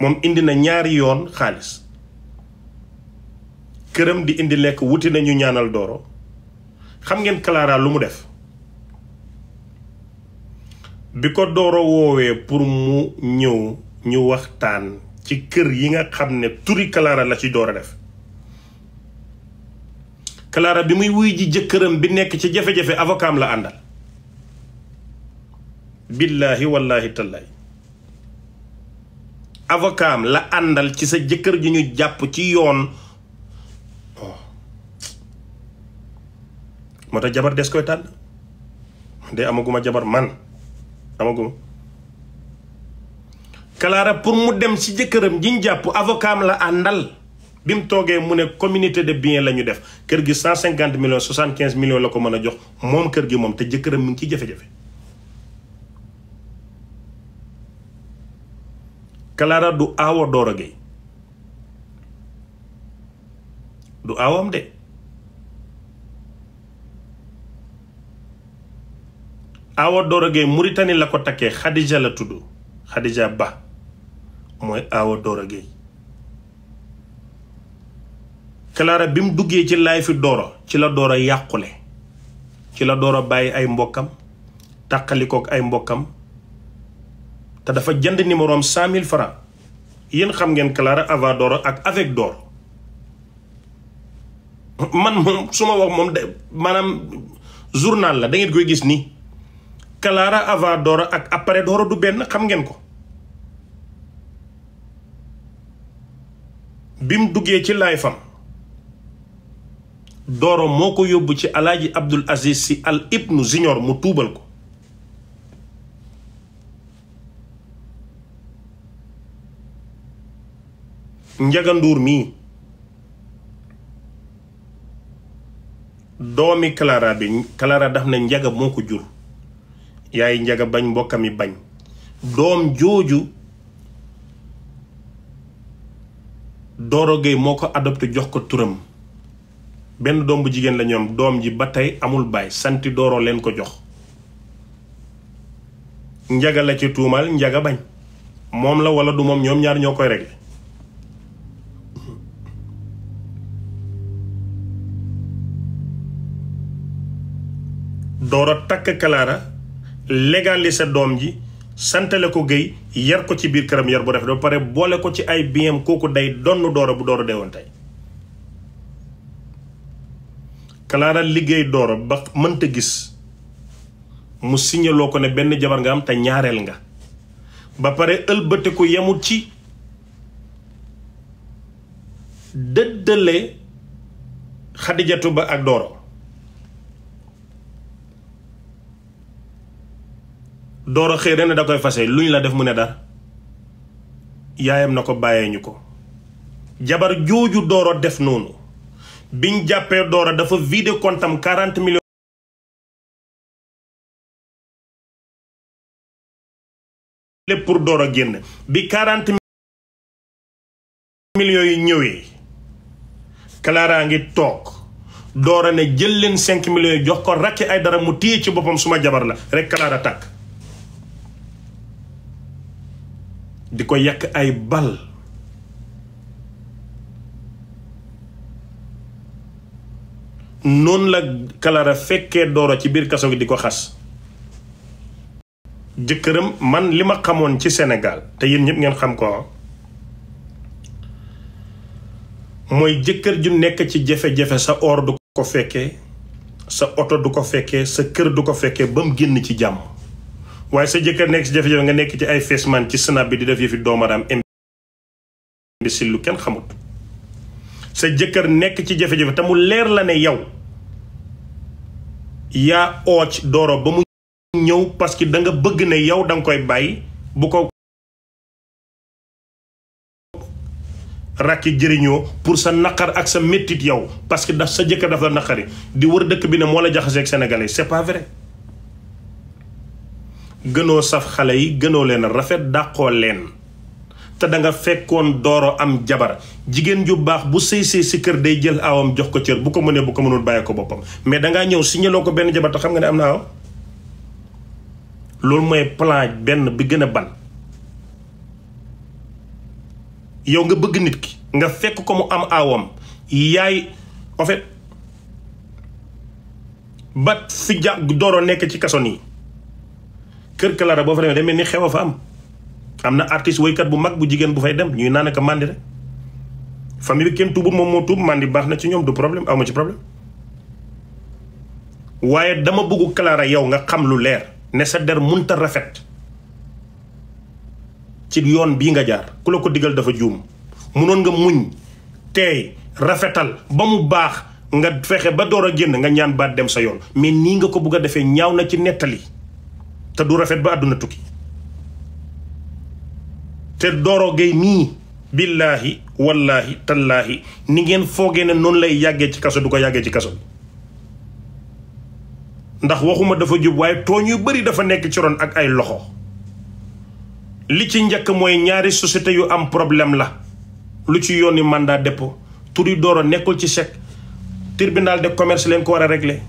moom indi na ñaari yoon xaalis këram di indi lekk wuti nañu ñaanal dooro xam ngeen kalaara lu mu def bi ko dooro woowee pour mu ñëw ñu waxtaan ci kër yi nga xam ne turi kalaara la ci Doro def Clara bi muy wuy ji jëkkëram bi nekk ci jafe-jafe avocat la àndal billaahi wallaahi tallaahi avocat la àndal ci sa jëkkër ju ñu jàpp ci yoon oh. moo tax jabar des koy tànn de amaguma jabar man amaguma Clara pour mu dem ci jëkkëram ji ñu jàpp avocat la àndal bi mu toogee mu ne communauté de biens la ñu def kër gi cent cinquante millions soixante quinze millions la ko mën a jox moom kër gi moom te jëkkëram mi ngi ciy jafe-jafe Clara du aawa Doro Gueye du aawam de aawa Doro Gueye Mauritanie la ko takkee Khadija la tudd Khadija Ba mooy aawa Doro Gueye Clara bi mu duggee ci laay fi dooro ci la dooro yàqule ci la Doro bàyyi ay mbokkam tàqalikook ay mbokkam te dafa jënd numéro am cent mille francs yéen xam ngeen Clara Avadoro ak avec d'or man moom su ma wax moom de journal la da ngeen koy gis nii Clara Avadoro ak après d'or du benn xam ngeen ko bi mu duggee ci laay fam Doro moo ko yóbbu ci alaaji Abdul Aziz si al ibnu Junior mu tuubal ko njagandour mi domi Clara bi Clara daf na njaga moko jur yaay njaga bagn mbokka bagn dom joju jooju Doro Gueye jox ko turam ben dom bu jigen la ñom dom ji batay amul bay santi Doro len ko jox njaga la ci tumal njaga bagn moom la wala du moom ñom ñaar ñokoy koy door a takk Clara légaliser doom ji santale ko Guèye yar ko ci biir këram yar bu rafet ba pare boole ko ci ay biyam kooku day donn doora bu doora deewoon tey Clara liggéey doora ba mënta gis mu signaloo ko ne benn jabar nga am te ñaareel nga ba pare ëlbëte ko yemut ci dëddale xadijatu ba ak dooro dooro a xëy ren da koy fase lu ñu la def mu ne dar yaayam na ko bàyyee ko jabar jooju dooro def noonu biñ jàppee dooro dafa vidé comptam quarante millions lépp pour dooro génn bi quarante millions yi ñëwee Clara ngi toog dooro ne jël leen cinq millions yi jox ko rakki ay dara mu téye ci boppam suma jabar la rek Clara tàkk di yak ay bal non la kalara fekke doro ci bir kasso gi diko jeukeram man lima xamone ci senegal te yeen ñep ngeen xam ko moy jeuker ju nek ci jefe jefe sa or du ko fekke sa otor du ko fekke sa keur du ko fekke bam genn ci jamm waaye sa jëkkër nekk si jafe-jafe nga nekk ci ay fesman ci snap bi di def yëfi doomadaam imbécile lu kenn xamut sa jëkkër nekk ci jafe-jafe te mu leer la ne yow yaa ooc dooro ba mu ñëw parce que da nga bëgg ne yow da nga koy bàyyi bu ko rakki jëriñoo pour sa naqar ak sa yow parce que daf sa jëkkër dafa naqari di wër dëkk bi ne moo la jaxaseeg sénégalais c'est pas vrai gëno saf xalé yi gëno leen rafet dàqoo leen te da nga fekkon doro am jabar jigen ju bax bu sey sey si kër day jël awam jox ko cër bu ko mëne bu ko mënul bàyyi ko boppam mais dangaa ñëw ko ben jabar te xam nga ne am na aawam plan ben bi gëna ban yow nga bëgg nit ki nga fekk ko mu am awam yaay en fait bat fi ja dooro ci kasso ni kër ra bo fa demé ni fa am amna artiste way kat bu mag bu jigen bu fay dem ñuy naan ak mandi rek fami bi kenn tubu mom mo tub mandi baax na ci ñom du problème amu ci problème waye dama kala ra yow nga xam lu leer né sa der munta rafet ci yoon bi nga jaar ku la ko digal dafa joom mënon nga muñ tay rafetal ba mu bax nga fexé ba doora genn nga ñaan ba dem sa yoon mais ni nga ko bëgg défé ñaaw na ci netali te du rafet ba àdduna tukki te Doro Gaye mii billaahi wallaahi tallaahi ni ngeen foogee ne noonu lay yàggee ci kaso du ko yàggee ci kaso ndax waxuma dafa jub waaye too yu bari dafa nekk ci ron ak ay loxo li ci njëkk mooy ñaari société yu am problème la lu ci yoon yooni mandat dépôt turi dooro nekkul ci chèque tribunal de commerce leen ko war a regle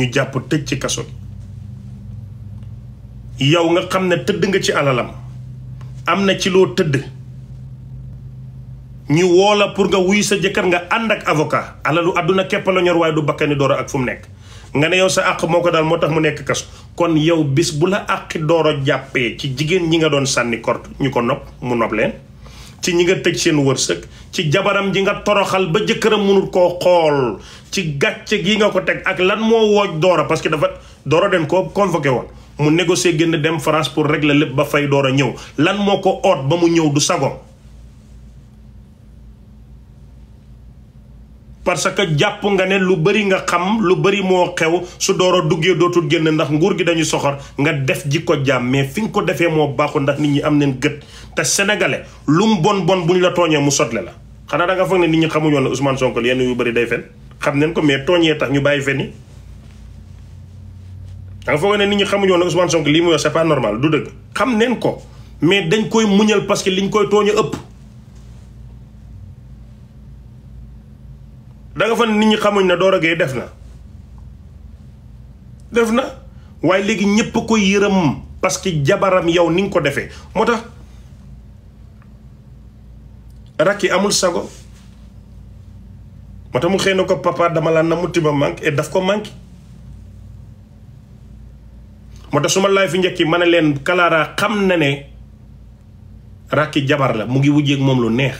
ñu jàpp tëj ci kaso bi yow nga xam ne tëdd nga ci alalam am na ci loo tëdd ñu woo la pour nga wuyu sa jëkkër nga ànd ak avoca alalu àdduna képp la ñor waaye du bakkani dooro ak fu mu nekk nga ne yow sa àq moo ko daal moo tax mu nekk kaso kon yow bis bu la àqi dooro jàppee ci jigéen ñi nga doon sànni kort ñu ko nopp mu nopp leen ci ñi nga tëj seen wërsëg ci jabaram ji nga toroxal ba jëkkëram mënul koo xool ci gàcce gi nga ko teg ak lan moo wooj doora parce que dafa doora den ko convoqué woon mu négocier génn dem France pour régler lépp ba fay doora ñëw lan moo ko oot ba mu ñëw du sagoom parce que japp nga ne lu bari nga xam lu bari moo xew su doora duggee dootul génn ndax nguur gi dañu soxor nga def ji ko jàmm mais fi nga ko defee moo baaxul ndax nit ñi am nañ gët te sénégalais lu mu bon bon bu ñu la tooñee mu sotle la xanaa da nga foog ne nit ñi xamuñoon ne Ousmane Sonko yenn yu bëri day fen xam neen ko mais tooñee tax ñu bàyyi fen da nga foog ne nit ñi xamuñoon ne Ousmane Sonko lii mu yor c'est pas normal du dëgg xam neen ko mais dañ koy muñal parce que liñ koy tooñee ëpp da nga fa nit ñi xamuñ ne Doro Gueye def na def na waaye léegi ñépp ko yërëm parce que jabaram yow ni nga ko defee moo tax raki amul sago mata mu xeyna ko papa dama la namuti ba manki et daf ko manki mata suma lay fi ñeeki ma ne xam na ne raki jabar la mu ngi ak mom lu neex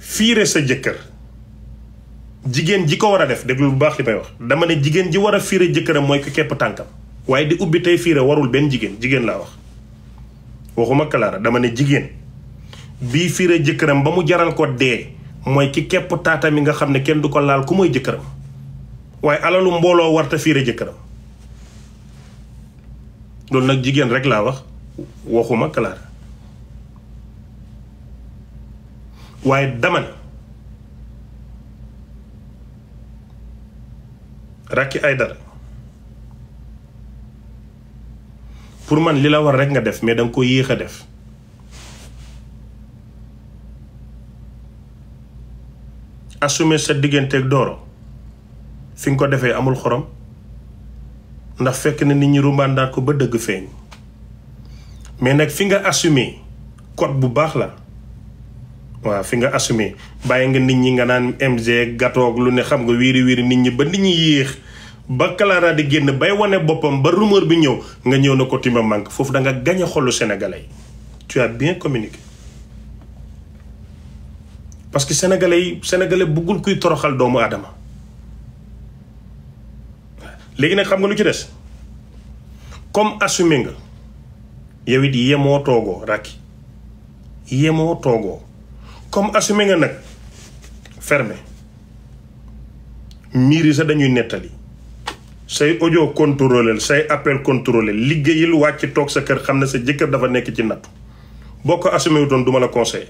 fiire sa jëkkër jigen ji ko wara def deglu lu bax li jigen wax dama ne jigen ji wara a fiire jëkkëram moy ko tankam waye di ubbi fiire warul ben jigen jigen la wax waxuma kalaara dama ne jigen bii fiire jëkkëram ba mu jaral ko dee mooy ci képp taata mi nga xam ne kenn du ko laal ku mooy jëkkëram waaye alalu mbooloo warta fiire jëkkëram loolu nag jigéen rek laa wax waxuma Clara waaye dama ne ay dara pour man li la war rek nga def mais danga ko yéex a def assumer sa ak Doro fi ko défé amul xorom ndax fekk na nit ñi Menek ko ba dëgg feñ mais nak fi nga assumer code bu baax la wa fi nga assumer baye nga nit ñi nga naan MG ak lu ne xam nga wiri wiri nit ñi ba nit ñi yéex ba Clara di génn bay boppam ba rumeur bi ñëw nga ñëw na ko Timba manque fofu da nga xolu sénégalais tu as bien communiqué. parce que sénégalais yi sénégalais bëggul kuy toroxal doomu aadama léegi nag xam nga lu ci des comme assumé nga yow it yemoo toogoo rakki yemoo toogoo comme assumé nga nag fermé miir yi dañuy nettali say audio contrôlé say appel contrôlé liggéeyil wàcc toog sa kër xam ne sa jëkkër dafa nekk ci nattu boo ko assumé wutoon du ma la conseillé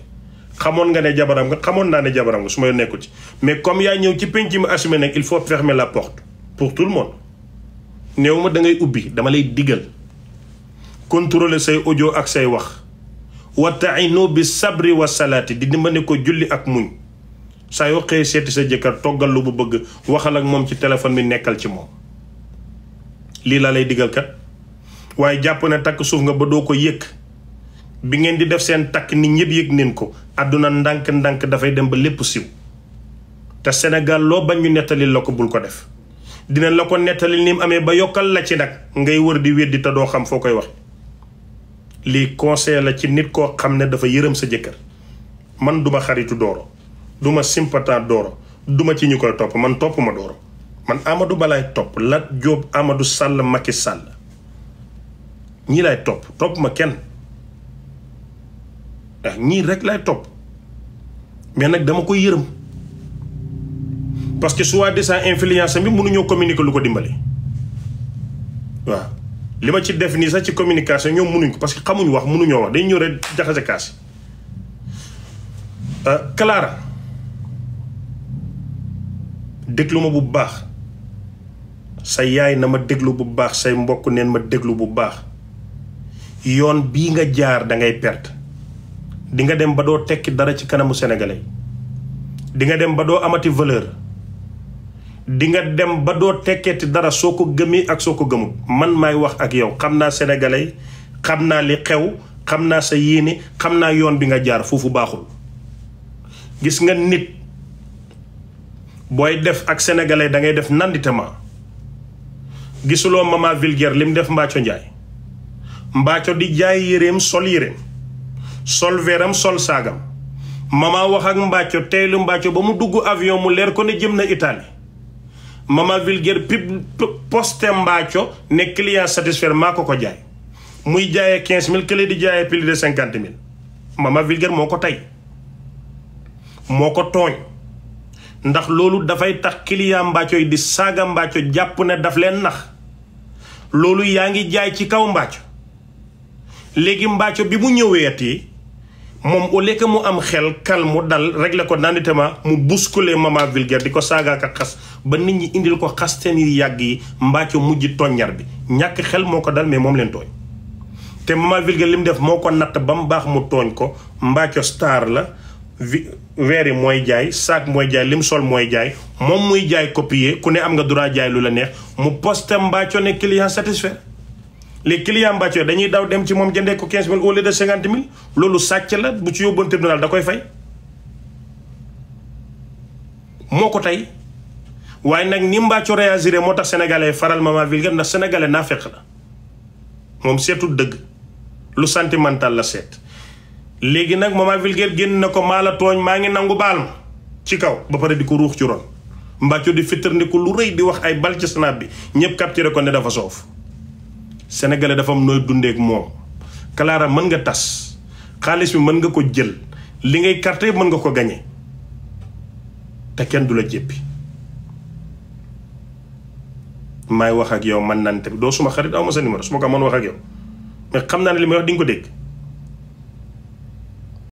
xamoon nga ne jabaram nga xamoon naa ne jabaram nga su ma yoon nekku ci mais comme yaa ñëw ci penc mi assumé nag il faut fermer la porte pour tout le monde néew ma da ngay ubbi dama lay digal contrôler say audio ak say wax wa tainu bi sabri wa salati, di dimbane ko julli ak muñ sa yo xey setti sa jëkkër toggal lu bu bëgg waxal ak moom ci téléphone mi nekkal ci moom lii laa lay digal kat waaye jàpp ne takk suuf nga ba doo ko yëg bi ngeen di def seen takk nit ñëpp yëg neen ko àdduna ndànk-ndànk dafay dem ba lépp siw te Sénégal loo bañ ñu nettali la ko bul ko def dina la ko nettali ni mu amee ba yokkal la ci nag ngay wër di weddi te doo xam foo koy wax lii conseil la ci nit koo xam ne dafa yërëm sa jëkkër man duma xaritu Doro duma sympathisant Doro duma ci ñu koy topp man topp ma Doro man amadu Ba topp Lat Diop Amadou Sall Macky Sall ñii laay topp topp ma kenn ndax eh, ñii rek lay topp mais nag dama koy yërëm parce que soi-disant influence bi mënuñoo communiquer lu ko dimbali waaw li ma ci def nii sax ci communication ñoom mënuñ ko parce que xamuñu wax mënuñoo wax dañ ñëw rek jaxase kaas eh, Clara déglu ma bu baax sa yaay na ma déglu bu baax say mbokk neen ma déglu bu baax yoon bi nga jaar da ngay perte. dinga dem ba doo tekki dara ci kanamu sénégalais dinga dem ba doo amati valeur di nga dem ba doo tekkeeti dara soo ko gëmee ak soo ko gëmut man maay wax ak yow xam naa sénégalais xam naa li xew xam naa sa yéene xam naa yoon bi nga jaar foofu baaxul gis nga nit booy def ak sénégalais da ngay def nanditement gisuloo mama vulgaire lim def Mbathio Ndiaye Mbathio di jaay yéreem sol yéreem sol veram sol sagam mama wax ak mbaccio teylu mbaccio bamu dugg avion mu leer ko ne jëm na italy mama vilger pib poste mbaccio ne client satisfait mako ko jaay muy jaayee 15000 di jaayee plus de 50000 mama vilger moko tay moko togn ndax tooñ da fay tax client mbaccio di saaga mbaccio japp ne daf len nax loolu yaangi jaay ci kaw mbaccio mbaccio bi mu moom au lieu que mu am xel calme dal régler ko danditement mu bousculer mama vulgaire di ko saagaaka xas ba nit ñi indil ko xasteen yu yàgg yi mbàcco mujj toññar bi ñàkk xel moo ko dal mais moom leen tooñ te mama vulgaire li mu def moo ko natt ba mu baax mu tooñ ko mbàcco star la vi moy mooy jaay saak mooy jaay lim sol mooy jaay moom muy jaay copier ku ne am nga droit jaay lu la neex mu poste mbàcco ne client satisfait les clients mbàccoo dañuy daw dem ci moom jëndee ko 15000 au lieu de 50000 loolu sàcc la bu ci yóbboon tribunal da koy fay ko tey waaye nag ni réagir moo tax sénégalais faral Maman Vulgaire ndax sénégalais naa fekk la moom seetul dëgg lu sentimental la seet. léegi nag Maman Vulgaire génn na ko maala tooñ maa ngi nangu baal ma ci kaw ba pare di ko ruux ci ron mbàccoo di fittarndiku lu rëy bi wax ay bal ci bi ñëpp capturé ko ne dafa soof. sénégalais dafa am dundé ak mom Clara mën nga tass xaliss bi mën nga ko jël li ngay carte mën nga ko gagné te kenn dula la may wax ak yow man nan té do suma xarit awma sa numéro suma ko man wax ak yow mais xamna wax ding ko dégg